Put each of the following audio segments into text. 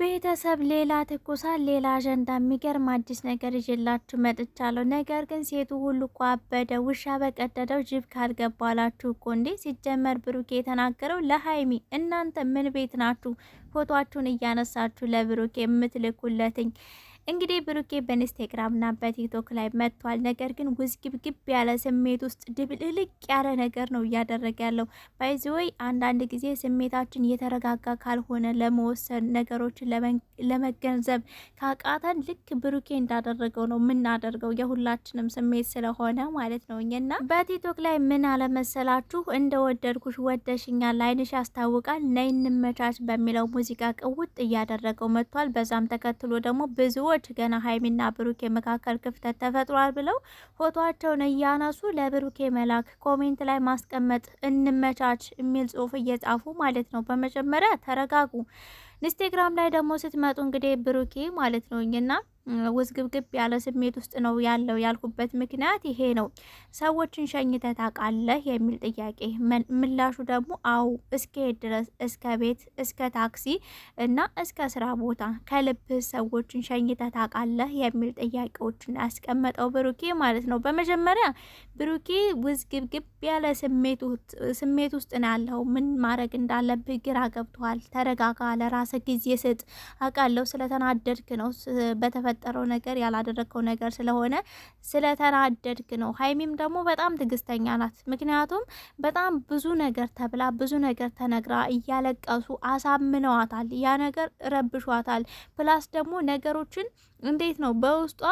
ቤተሰብ ሌላ ትኩሳት፣ ሌላ አጀንዳ፣ የሚገርም አዲስ ነገር ይዤላችሁ መጥቻለሁ። ነገር ግን ሴቱ ሁሉ እኮ አበደ፣ ውሻ በቀደደው ጅብ ካልገባላችሁ እኮ እንዴ! ሲጀመር ብሩኬ የተናገረው ለሀይሚ እናንተ ምን ቤት ናችሁ? ፎቷችሁን እያነሳችሁ ለብሩኬ የምትልኩለትኝ እንግዲህ ብሩኬ በኢንስታግራምና በቲክቶክ ላይ መጥቷል። ነገር ግን ውዝግብግብ ያለ ስሜት ውስጥ ድብልቅልቅ ያለ ነገር ነው እያደረገ ያለው። ባይዘወይ አንዳንድ ጊዜ ስሜታችን የተረጋጋ ካልሆነ ለመወሰን ነገሮችን ለመገንዘብ ካቃተን ልክ ብሩኬ እንዳደረገው ነው የምናደርገው። የሁላችንም ስሜት ስለሆነ ማለት ነው። እኛና በቲክቶክ ላይ ምን አለመሰላችሁ እንደወደድኩሽ ወደሽኛል፣ ላይንሽ ያስታውቃል፣ ነይ እንመቻች በሚለው ሙዚቃ ቅውጥ እያደረገው መጥቷል። በዛም ተከትሎ ደግሞ ብዙ ሰዎች ገና ሀይሚና ብሩኬ መካከል ክፍተት ተፈጥሯል ብለው ፎቶቸውን እያነሱ ለብሩኬ መላክ ኮሜንት ላይ ማስቀመጥ እንመቻች የሚል ጽሁፍ እየጻፉ ማለት ነው። በመጀመሪያ ተረጋጉ። ኢንስቴግራም ላይ ደግሞ ስትመጡ እንግዲህ ብሩኬ ማለት ነውና ውዝግብግብ ያለ ስሜት ውስጥ ነው ያለው። ያልኩበት ምክንያት ይሄ ነው። ሰዎችን ሸኝተህ ታውቃለህ የሚል ጥያቄ ምላሹ ደግሞ አው እስከሄድ ድረስ እስከ ቤት፣ እስከ ታክሲ እና እስከ ስራ ቦታ ከልብህ ሰዎችን ሸኝተህ ታውቃለህ የሚል ጥያቄዎችን ያስቀመጠው ብሩኬ ማለት ነው። በመጀመሪያ ብሩኬ ውዝግብግብ ያለ ስሜት ውስጥ ነው ያለው። ምን ማድረግ እንዳለብህ ግራ ገብቶሃል። ተረጋጋ፣ ለራስህ ጊዜ ስጥ። አውቃለሁ ስለተናደድክ ነው በተፈ የተፈጠረው ነገር ያላደረግከው ነገር ስለሆነ ስለተናደድክ ነው። ሀይሚም ደግሞ በጣም ትግስተኛ ናት። ምክንያቱም በጣም ብዙ ነገር ተብላ ብዙ ነገር ተነግራ እያለቀሱ አሳምነዋታል። ያ ነገር ረብሿታል። ፕላስ ደግሞ ነገሮችን እንዴት ነው በውስጧ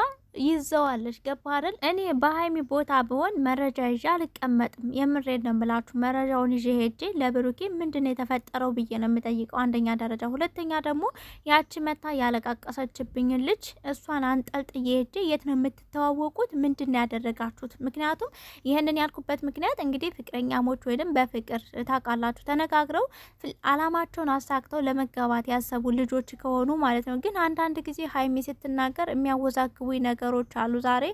ይዘዋለች። ገባ አይደል? እኔ በሀይሚ ቦታ ብሆን መረጃ ይዤ አልቀመጥም። የምሬድ ነው የምላችሁ። መረጃውን ይዤ ሄጄ ለብሩኬ ምንድን ነው የተፈጠረው ብዬ ነው የምጠይቀው። አንደኛ ደረጃ። ሁለተኛ ደግሞ ያቺ መታ ያለቃቀሰችብኝ ልጅ እሷን አንጠልጥዬ ሄጄ የት ነው የምትተዋወቁት? ምንድን ነው ያደረጋችሁት? ምክንያቱም ይህንን ያልኩበት ምክንያት እንግዲህ ፍቅረኛሞች ወይም በፍቅር ታውቃላችሁ ተነጋግረው አላማቸውን አሳክተው ለመጋባት ያሰቡ ልጆች ከሆኑ ማለት ነው። ግን አንዳንድ ጊዜ ሀይሚ ስትና ለመናገር የሚያወዛግቡ ነገሮች አሉ። ዛሬ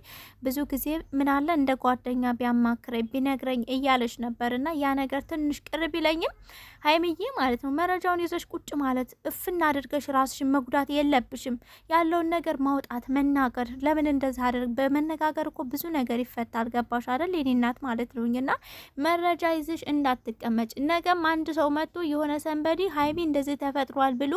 ብዙ ጊዜ ምናለ እንደ ጓደኛ ቢያማክረኝ ቢነግረኝ እያለች ነበር እና ያ ነገር ትንሽ ቅር ቢለኝም ሀይምዬ ማለት ነው መረጃውን ይዘሽ ቁጭ ማለት እፍና አድርገሽ ራስሽን መጉዳት የለብሽም። ያለውን ነገር ማውጣት መናገር፣ ለምን እንደዚህ አደርግ በመነጋገር እኮ ብዙ ነገር ይፈታል። ገባሽ አደል የኔ እናት ማለት ነውና መረጃ ይዘሽ እንዳትቀመጭ። ነገም አንድ ሰው መጥቶ የሆነ ሰንበዲ ሀይሚ እንደዚህ ተፈጥሯል ብሎ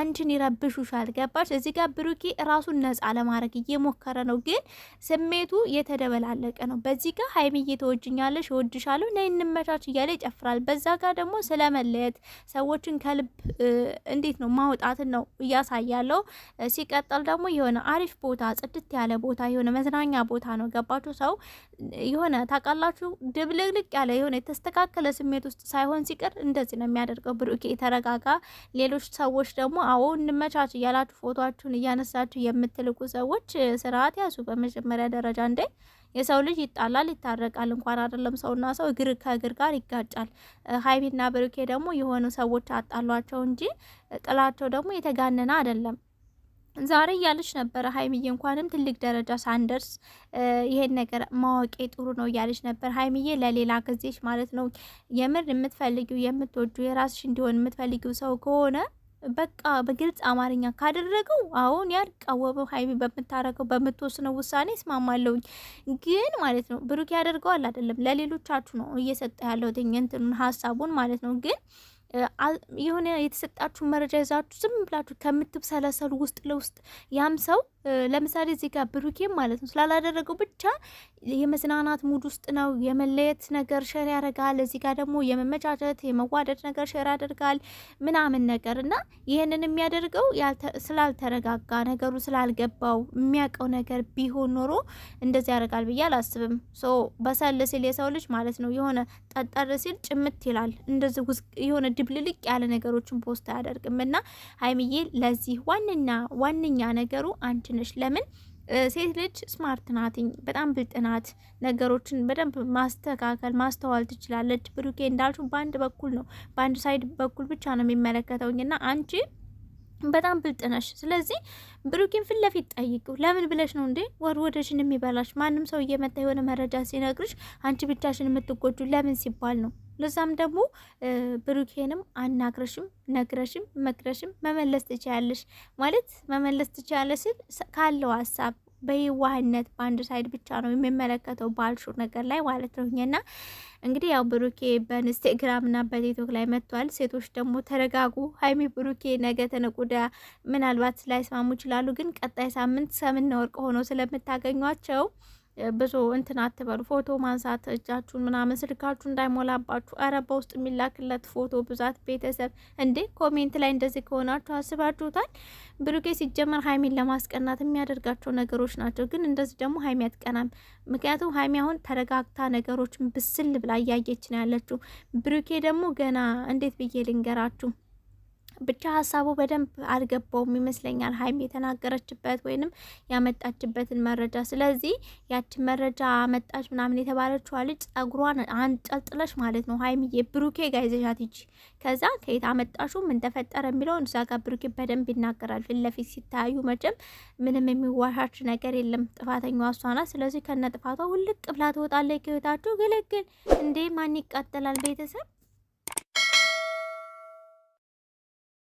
አንቺን ይረብሹሻል። ገባሽ? እዚህ ጋር ብሩኪ ራሱ ራሱን ነጻ ለማድረግ እየሞከረ ነው፣ ግን ስሜቱ የተደበላለቀ ነው። በዚህ ጋር ሀይሚዬ ተወጅኛለሽ፣ እወድሻለሁ፣ ነይ እንመቻች እያለ ይጨፍራል። በዛ ጋር ደግሞ ስለመለየት ሰዎችን ከልብ እንዴት ነው ማውጣትን ነው እያሳያለው። ሲቀጠል ደግሞ የሆነ አሪፍ ቦታ፣ ጽድት ያለ ቦታ፣ የሆነ መዝናኛ ቦታ ነው። ገባችሁ? ሰው የሆነ ታውቃላችሁ፣ ድብልቅልቅ ያለ የሆነ የተስተካከለ ስሜት ውስጥ ሳይሆን ሲቀር እንደዚህ ነው የሚያደርገው። ብሩኬ የተረጋጋ ሌሎች ሰዎች ደግሞ አዎ እንመቻች እያላችሁ ፎቶችሁን እያነሳችሁ የምትልኩ ሰዎች ስርዓት ያዙ። በመጀመሪያ ደረጃ እንዴ የሰው ልጅ ይጣላል፣ ይታረቃል። እንኳን አይደለም ሰውና ሰው እግር ከእግር ጋር ይጋጫል። ሀይሚና ብሩኬ ደግሞ የሆኑ ሰዎች አጣሏቸው እንጂ ጥላቸው ደግሞ የተጋነነ አይደለም። ዛሬ እያለች ነበረ ሀይሚዬ እንኳንም ትልቅ ደረጃ ሳንደርስ ይሄን ነገር ማወቄ ጥሩ ነው እያለች ነበር ሀይሚዬ። ለሌላ ጊዜሽ ማለት ነው የምር የምትፈልጊው የምትወጁ የራስሽ እንዲሆን የምትፈልጊው ሰው ከሆነ በቃ በግልጽ አማርኛ ካደረገው አሁን ያርቅ አወበው ሀይሚ በምታረገው በምትወስነው ውሳኔ እስማማለሁኝ። ግን ማለት ነው ብሩክ ያደርገዋል አይደለም፣ ለሌሎቻችሁ ነው እየሰጠ ያለው እንትኑን ሀሳቡን ማለት ነው ግን የሆነ የተሰጣችሁ መረጃ ይዛችሁ ዝም ብላችሁ ከምትብሰለሰሉ ውስጥ ለውስጥ ያም ሰው ለምሳሌ እዚህ ጋር ብሩኬም ማለት ነው ስላላደረገው ብቻ የመዝናናት ሙድ ውስጥ ነው። የመለየት ነገር ሸር ያደርጋል። እዚህ ጋር ደግሞ የመመቻቸት የመዋደድ ነገር ሸር ያደርጋል ምናምን ነገር እና ይህንን የሚያደርገው ስላልተረጋጋ ነገሩ ስላልገባው የሚያውቀው ነገር ቢሆን ኖሮ እንደዚህ ያደርጋል ብዬ አላስብም። ሶ በሰል ሲል የሰው ልጅ ማለት ነው የሆነ ጠጠር ሲል ጭምት ይላል። እንደዚህ የሆነ ድብልልቅ ያለ ነገሮችን ፖስት አያደርግም እና አይምዬ ለዚህ ዋንና ዋነኛ ነገሩ አንድ ትንሽ ለምን ሴት ልጅ ስማርት ናትኝ፣ በጣም ብልጥ ናት። ነገሮችን በደንብ ማስተካከል ማስተዋል ትችላለች። ብሩኬ እንዳልሽው በአንድ በኩል ነው በአንድ ሳይድ በኩል ብቻ ነው የሚመለከተውኝ እና አንቺ በጣም ብልጥ ነሽ። ስለዚህ ብሩኪን ፊት ለፊት ጠይቂው። ለምን ብለሽ ነው እንዴ ወርወደሽን የሚበላሽ? ማንም ሰው እየመጣ የሆነ መረጃ ሲነግርሽ አንቺ ብቻሽን የምትጎጁ ለምን ሲባል ነው? ለዛም ደግሞ ብሩኬንም አናግረሽም ነግረሽም መክረሽም መመለስ ትችያለሽ ማለት መመለስ ትችያለሽ ካለው ሀሳብ በየዋህነት በአንድ ሳይድ ብቻ ነው የሚመለከተው ባልሹር ነገር ላይ ማለት ነው። እና እንግዲህ ያው ብሩኬ በኢንስቴግራም እና በቲክቶክ ላይ መጥቷል። ሴቶች ደግሞ ተረጋጉ። ሀይሚ ብሩኬ ነገ ተነቁዳ ምናልባት ላይስማሙ ይችላሉ፣ ግን ቀጣይ ሳምንት ሰምና ወርቅ ሆነው ስለምታገኟቸው ብዙ እንትን አትበሉ። ፎቶ ማንሳት እጃችሁን ምናምን ስልካችሁ እንዳይሞላባችሁ። ኧረ በውስጥ የሚላክለት ፎቶ ብዛት ቤተሰብ እንዴ! ኮሜንት ላይ እንደዚህ ከሆናችሁ አስባችሁታል? ብሩኬ ሲጀመር ሀይሚን ለማስቀናት የሚያደርጋቸው ነገሮች ናቸው። ግን እንደዚህ ደግሞ ሀይሚ አትቀናም። ምክንያቱም ሀይሚ አሁን ተረጋግታ ነገሮችን ብስል ብላ እያየች ነው ያለችው። ብሩኬ ደግሞ ገና እንዴት ብዬ ልንገራችሁ ብቻ ሀሳቡ በደንብ አልገባውም ይመስለኛል ሀይም የተናገረችበት ወይንም ያመጣችበትን መረጃ። ስለዚህ ያችን መረጃ አመጣች ምናምን የተባለችዋ ልጅ ጸጉሯን አንጠልጥለሽ ማለት ነው ሀይሚዬ ብሩኬ ጋይዘሻት ይቺ ከዛ ከየት አመጣሹ ምን ተፈጠረ የሚለውን እዛ ጋር ብሩኬ በደንብ ይናገራል። ፊት ለፊት ሲታዩ መቼም ምንም የሚዋሻች ነገር የለም። ጥፋተኛ እሷ ናት። ስለዚህ ከነ ጥፋቷ ውልቅ ብላ ትወጣለች ከህይወታቸው። ግልግል እንዴ ማን ይቃጠላል ቤተሰብ